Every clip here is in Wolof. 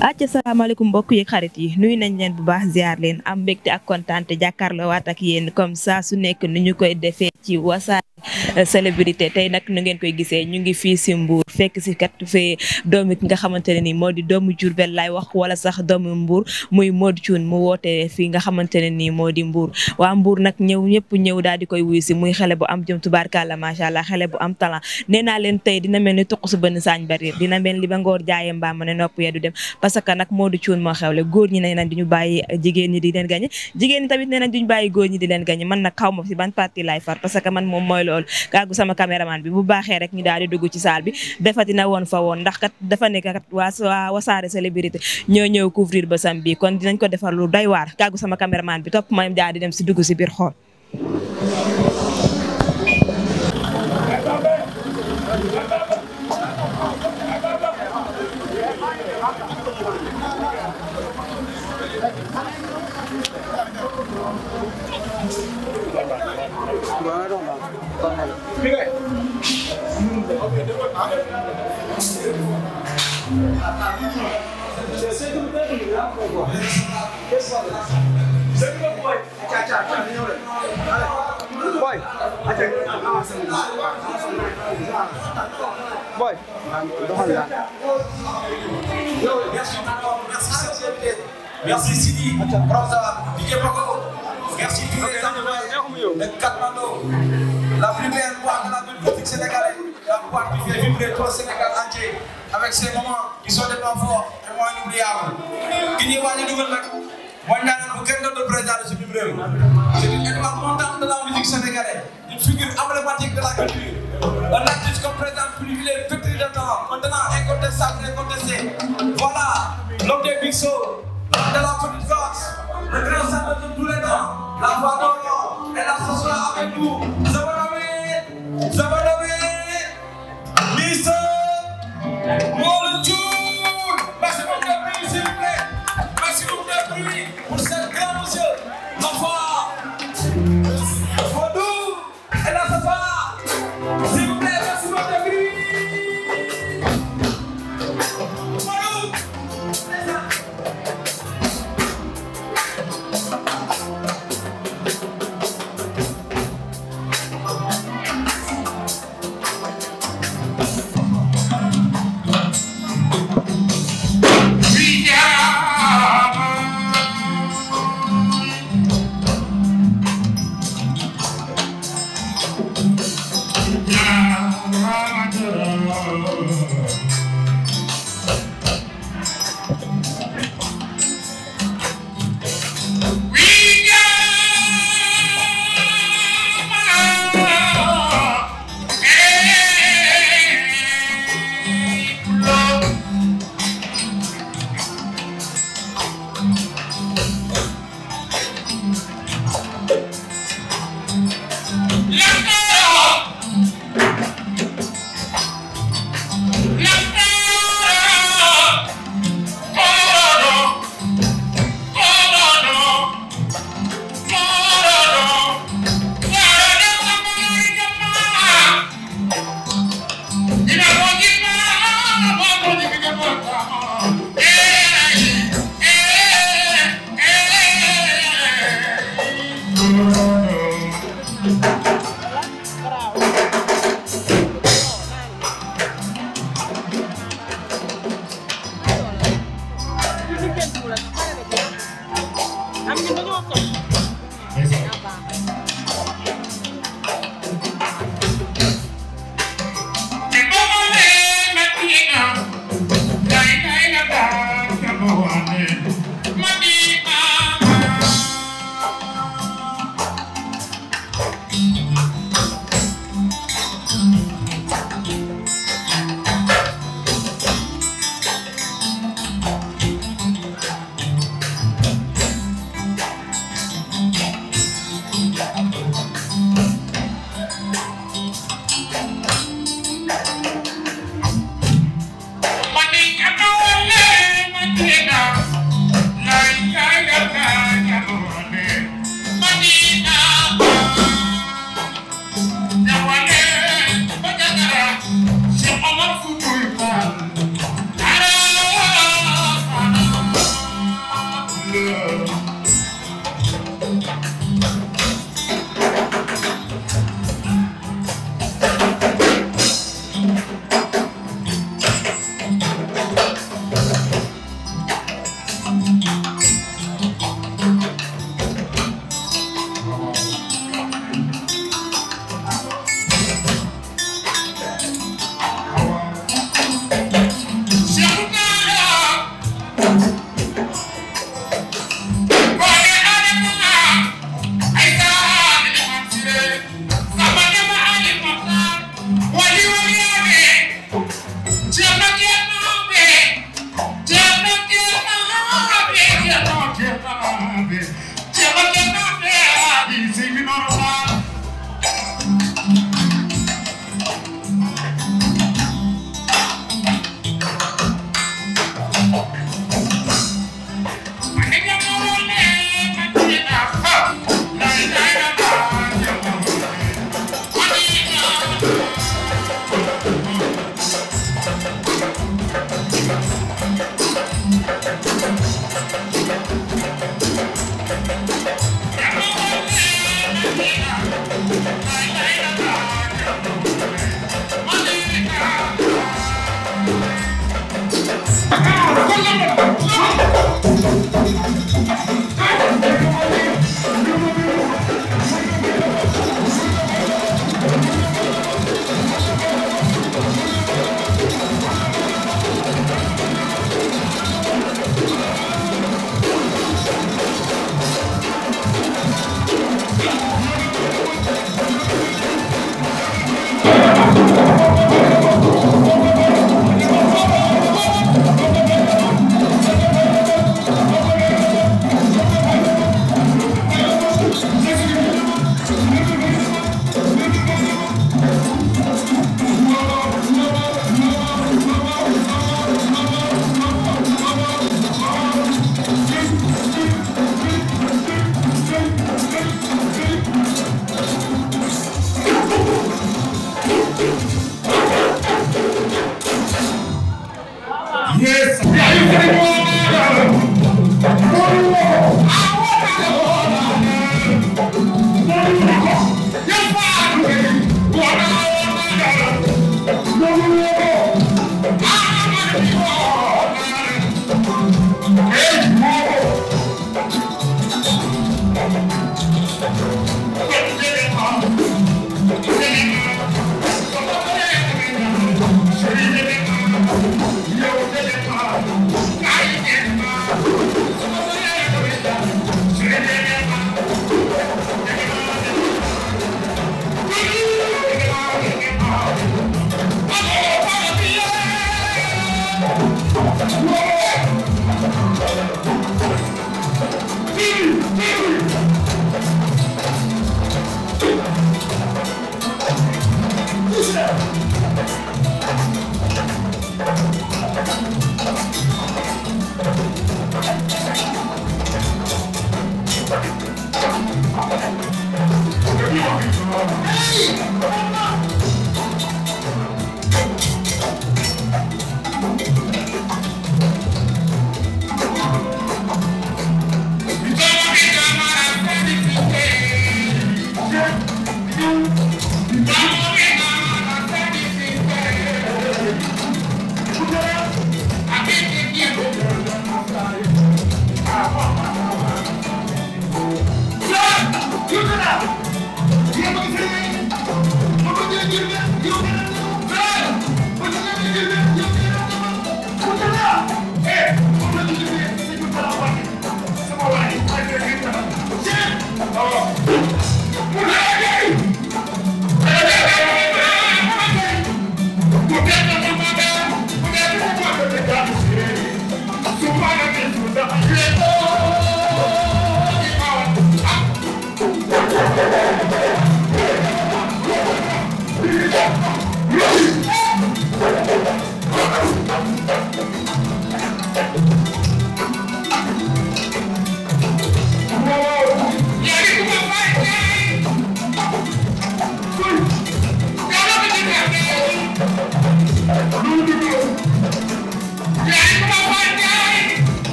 acca salaamaaleykum mbokk yeeg xarit yi nuyu nañ leen bu baax ziar leen am mbégte ak kontaan te jàkkaarloo waat ak yéen comme saa su nekk nu ñu koy defee ci wasaare célébrité tey nag nu ngeen koy gisee ñu ngi fii si Mbour fekk si kat fee doomi nga xamante ne ni moo di doomu Diourbel laay wax wala sax doomu Mbour muy Modou Thioune mu woote fii nga xamante ne nii moo di Mbour waa Mbour nag ñëw ñëpp ñëw daal di koy wuyu si muy xale bu am jëm tubaarkàlla macha allah xale bu am talent nee naa leen tey dina mel ni tuq su benn saañ bari dina mel li ba mbaam ma ne nopp ya dem parce que nag Modou Thioune moo xewle góor ñi nee nañ duñu bàyyi jigéen ñi di leen gañe jigéen ñi tamit nee nañ duñu moom mooy loolu gàggu sama caméraman bi bu baaxee rek ñi daal di dugg ci saal bi defati na woon fa woon ndax kat dafa nekk kat waa waa wasaare célébrité ñoo ñëw couvrir ba sam bi kon dinañ ko defar lu day waar gàggu sama caméraman bi topp ma daal di dem si dugg si biir xool le doxal la. merci Sidi. Ah, Rosa DJ Paco. merci tous les gens de Katmandou. La première fois boîte de la ville politique sénégalaise. La boîte qui fait vibrer tout le Sénégal entier. Avec ses moments qui sont des moments forts et moins inoubliables. ki ñuy waaj a dugal nag mooy ñaareel bu kenn doon président suñu réew. C'est une étoile montante de la musique sénégalaise. Une figure emblématique de la culture. Un artiste qu'on présente privilégié depuis de temps. Maintenant, un côté un Voilà, l'homme des Big l'homme de la petite force, le grand sabre de tous les temps, la voix d'Orient, elle a avec nous. Nous avons nommé, Mister.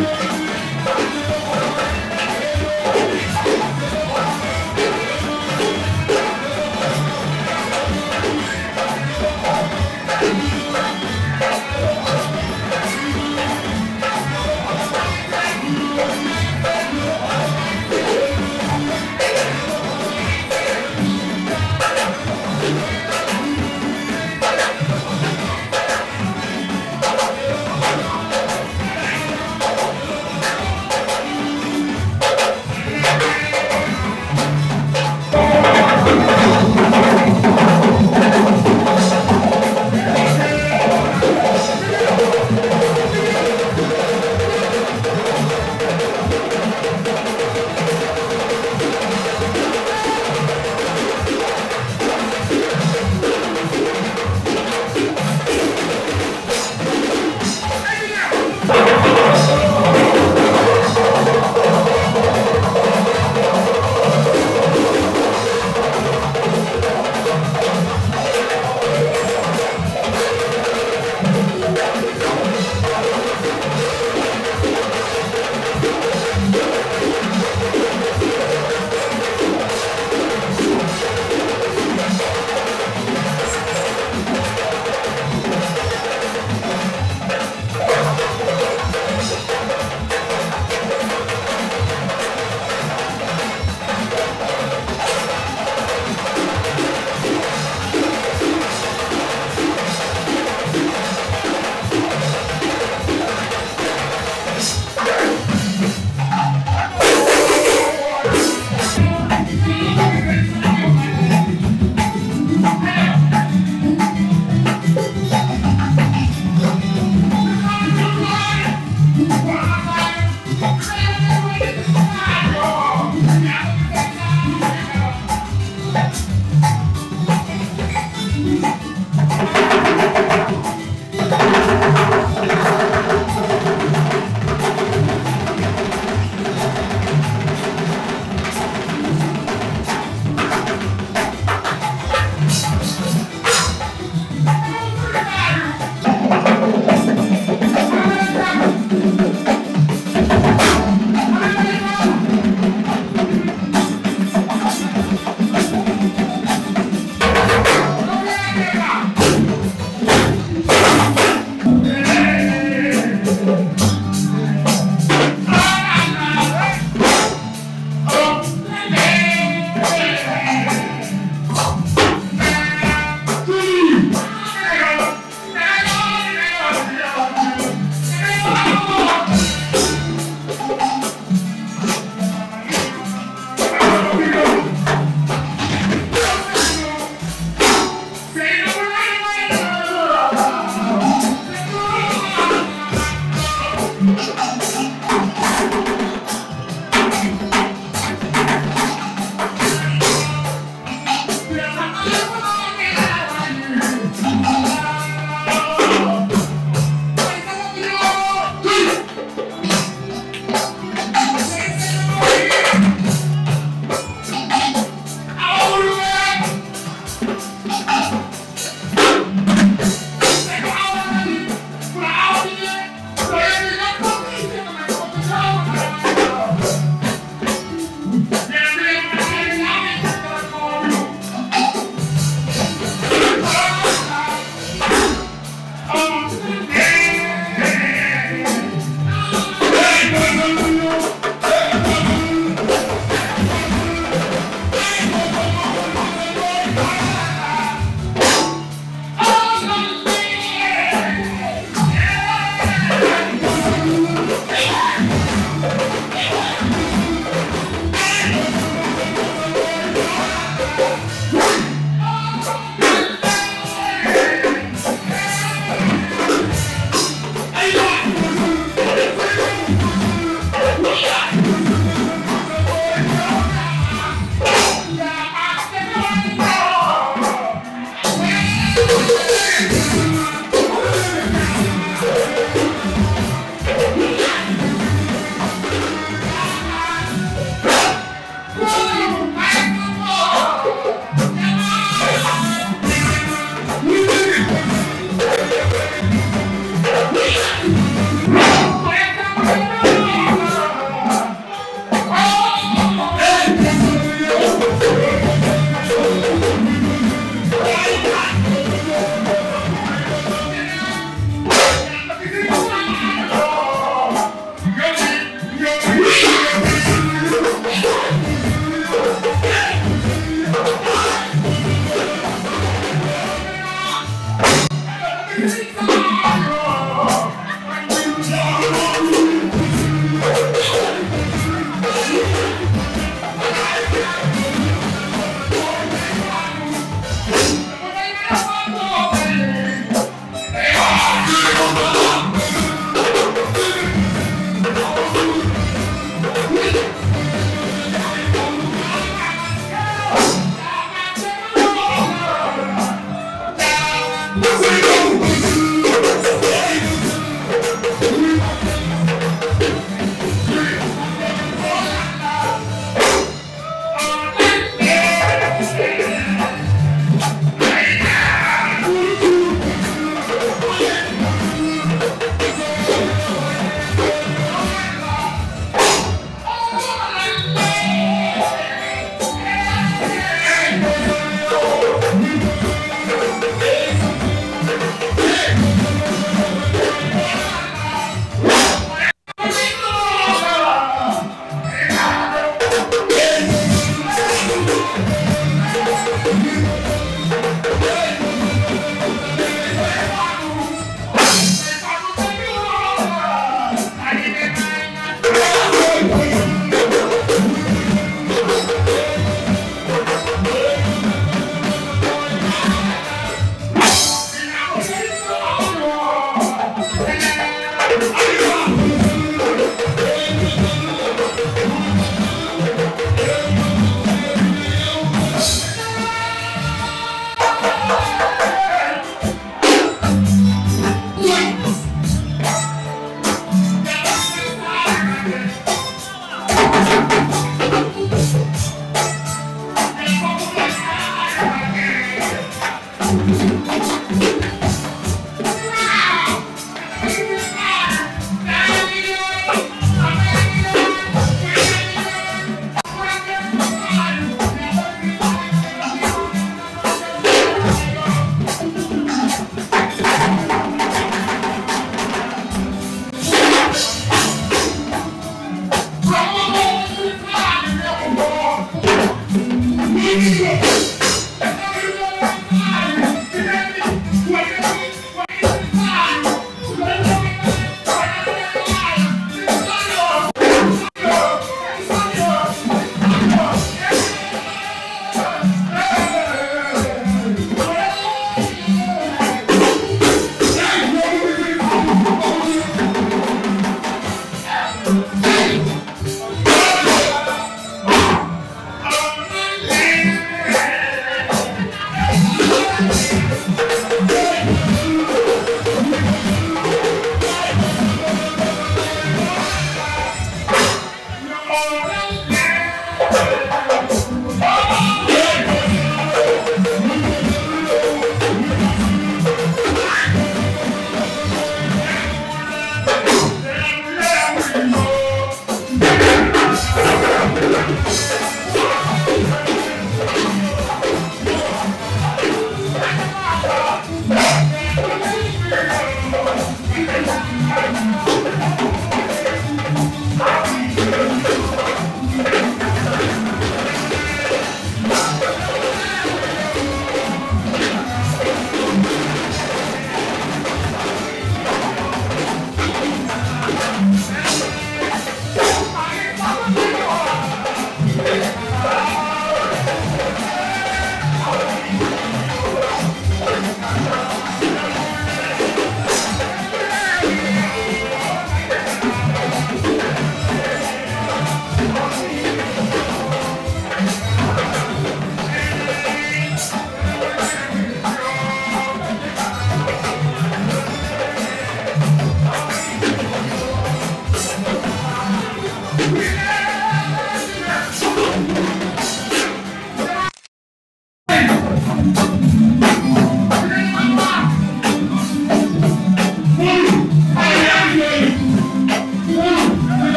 Thank you.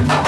Thank you.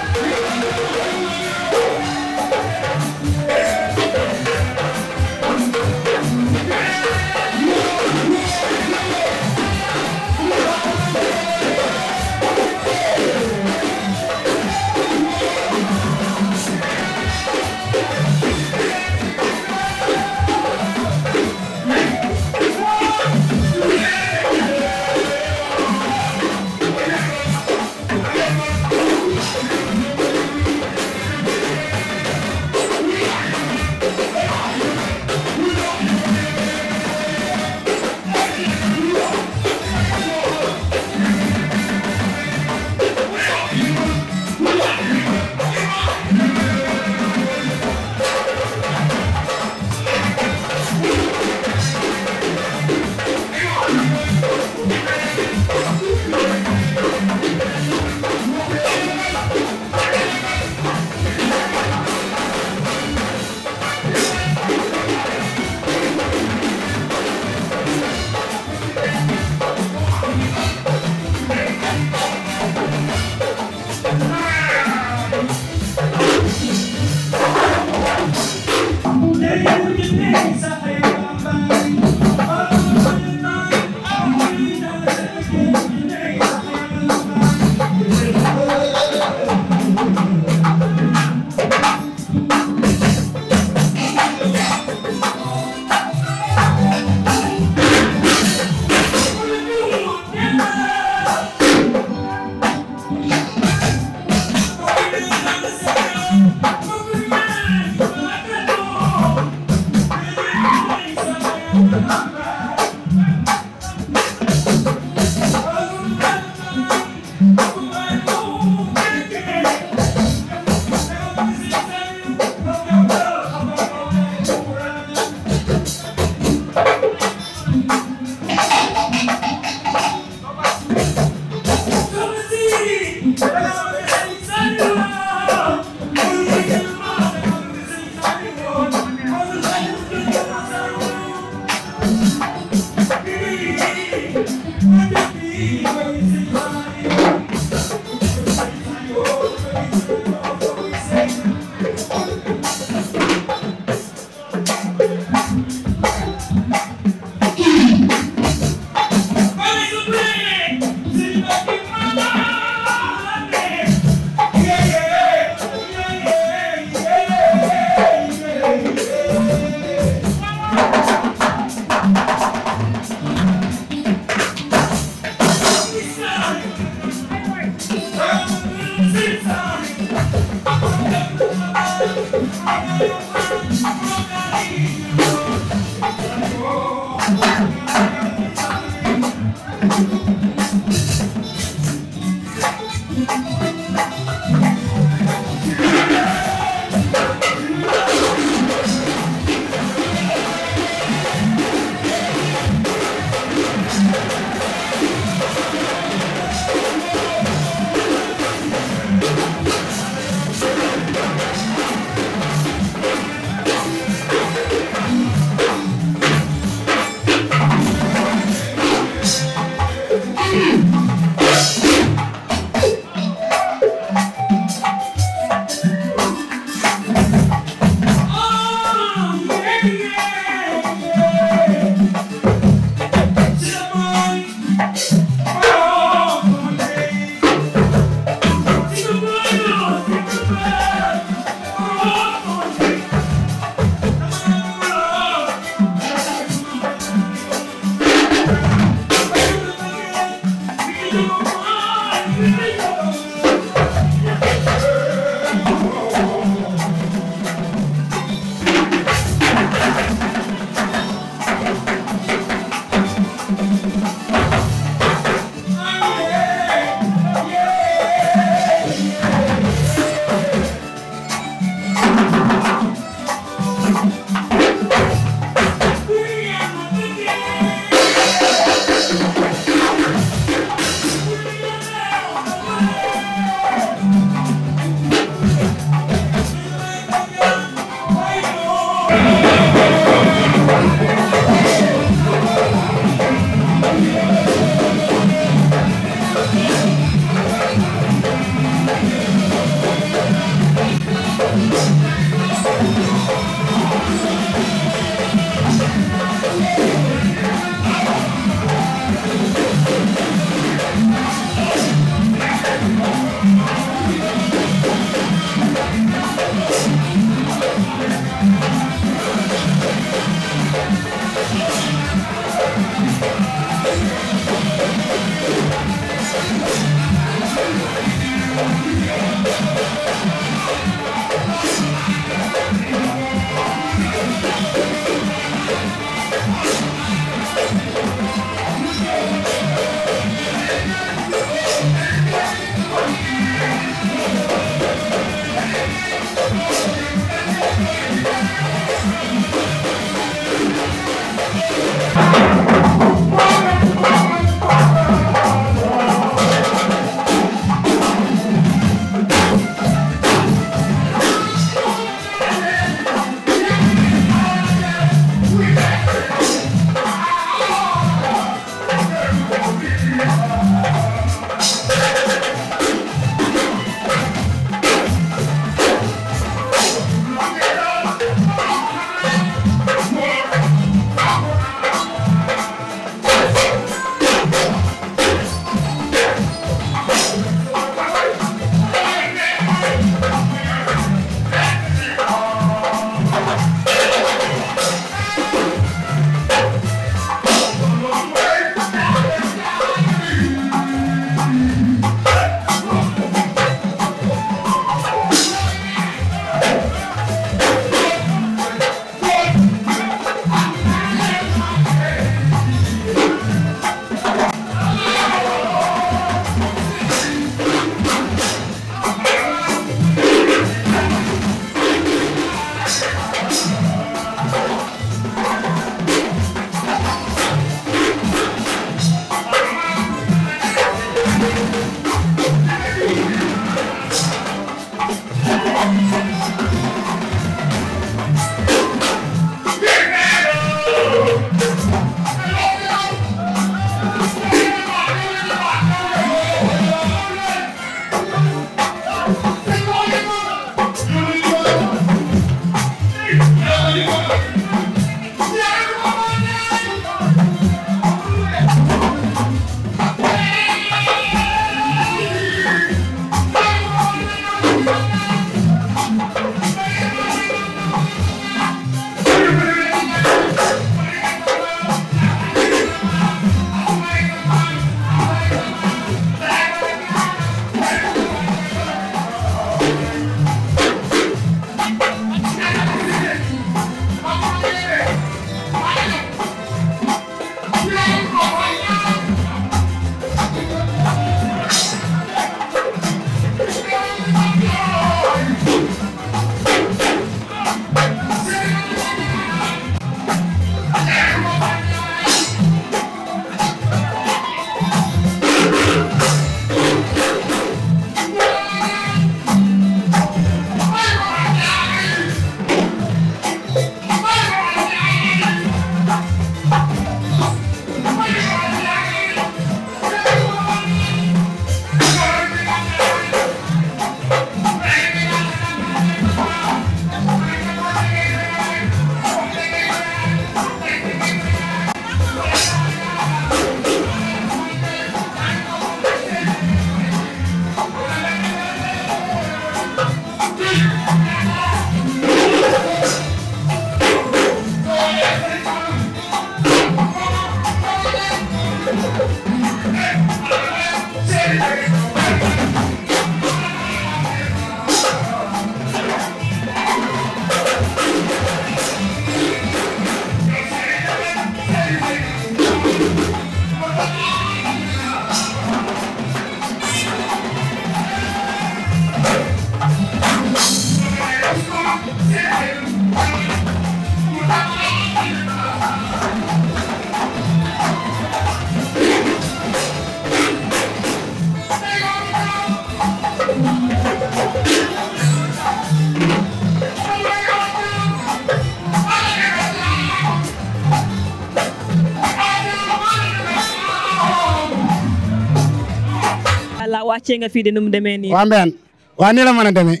allah wàccee nga fii de nu demee nii. waa Mbène waa nii la mën a demee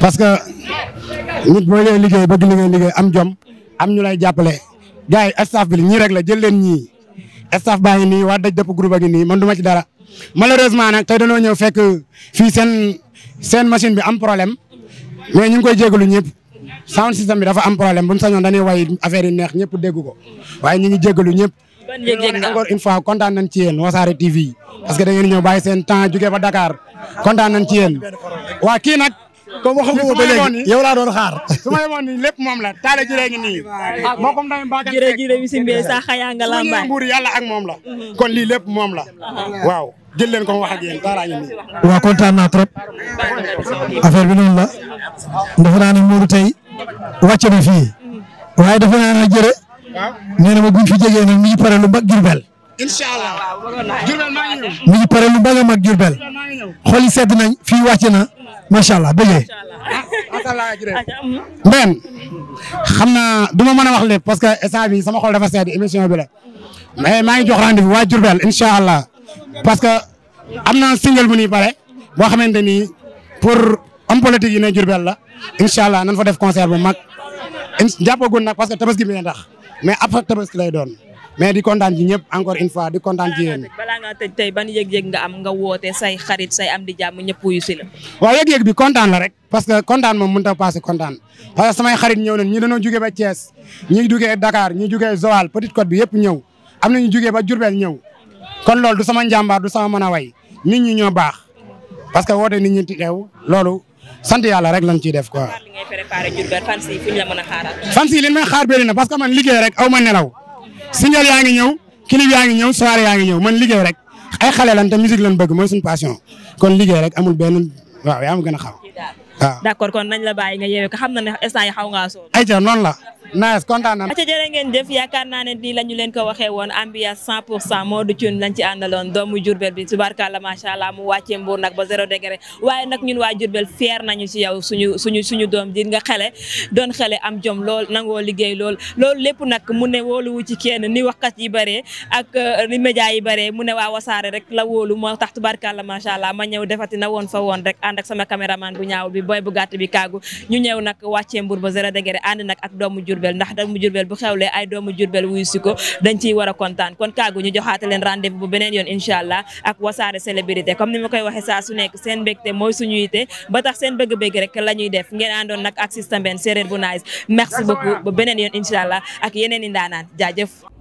parce que nit boo lay liggéey bëgg li liggéey am jom am ñu lay jàppale. gars yi staff ñii rek la jël leen ñii staff baa ngi nii waa daj dëpp groupe a ngi nii man du ma ci dara malheureusement nag tey dañoo ñëw fekk fii seen seen machine bi am problème mais ñu ngi koy jégalu ñëpp. sound system bi dafa am problème bu ñu sañoon way affaire yi neex ñëpp dégg ko waaye ñu ngi jégalu ñëpp. ban yëg-yëg nga encore une fois kontaan nañ ci yéen wasaare TV parce que da ngeen ñëw bàyyi seen temps jugee ba Dakar kontaan nañ ci yéen waa kii nag. comme waxu ko ba léegi yow laa doon xaar. su ma yemoon moom la taale jëree ngi nii. moo ko ndey bi si mbee xayaa nga lambaay yàlla ak moom la. Mhm. kon lii lépp moom la. Uh-huh. waaw jël leen ko wax ak yéen taalaa ngi nii. waaw kontaan naa trop affaire bi noonu la dafa naa ne Modou tey wàcce na fii waaye dafa naa ne jërë. nee na ma buñ fi jegee nag mi lu mag Jurbel. allah Jurbel maa ngi ñëw. mi ngi pare lu mag mag Jurbel. xol yi nañ fii wàcce na macha allah bëggee. Mbène xam naa du ma mën a wax lépp parce que instant bi sama xol dafa sedd émission bi la mais maa ngi jox rendez-vous waa incha allah parce que am na single bu ñuy pare boo xamante ni pour homme politique yi ne Diourbel la incha allah nañ fa def conser bu mag jàppagun nag parce que tabaski bi ne mais après tabaski lay doon mais di kontaan ci ñëpp encore une di kontaan ci yéen. balaa ngaa tëj tey ban yëg-yëg nga am nga woote say xarit say am di jàmm ñëpp wuyu si la. waaw yëg-yëg bi kontaan la rek parce que kontaan moom mënut a passé kontaan parce que samay xarit ñëw nañ ñi dañoo jugee ba Thiès ñi jugee Dakar ñi jugee Joal Petite Côte bi yëpp ñëw am na ñu jugee ba Diourbel ñëw kon loolu du sama njàmbaar du sama mën a way nit ñi ñoo baax parce que woote nit ñi teew loolu sant yàlla rek lañ ci def quoi. fan si fu ñu a xaaral. fan si li xaar bëri parce que man liggéey rek aw ma nelaw signal yaa ngi ñëw clip yaa ngi ñëw soirée yaa ngi ñëw man liggéey rek ay xale lan te musique lan bëgg mooy suñu passion kon liggéey rek amul benn waaw yaa ma gën a xam. waaw d'accord kon nañ la bàyyi nga yeewee xam na ne instant yi xaw ngaa sonn. ayca noonu la. nice kontaan naa. acca jërë ngeen jëf yaakaar naa ne nii la ñu leen ko waxee woon ambiance 100 pour cent Modou Thioune lañ ci àndaloon doomu Diourbel bi la macha allah mu wàccee Mbour nag ba zéro degré waaye nag ñun waa Diourbel fier nañu ci yow suñu suñu suñu doom di nga xele doon xele am jom lool nangoo liggéey lool loolu lépp nag mu ne wóoluwu ci kenn ni waxkat yi bëree ak euh, ni média yi bare mu ne waa wasaare rek la wóolu moo tax tubaarkàlla macha allah ma ñëw defati na woon fa woon rek ànd ak sama caméraman bu ñaaw bi boy bu gàtt bi kaagu ñu ñëw nag wàccee Mbour ba zéro degré ànd nag ak doomu Diourbel Jurbel ndax doomu Jurbel bu xewlee ay doomu Jurbel wuyu si ko dañ ciy war a kontaan kon kàggu ñu joxaate leen rendez-vous bu beneen yoon incha allah ak wasaare célébrité comme ni ma koy waxee saa su nekk seen mbégte mooy suñu yite ba tax seen bëgg-bëgg rek la def ngeen àndoon nag ak système benn séeréer bu nice merci beaucoup ba beneen yoon incha allah ak yeneen i ndaanaan jaajëf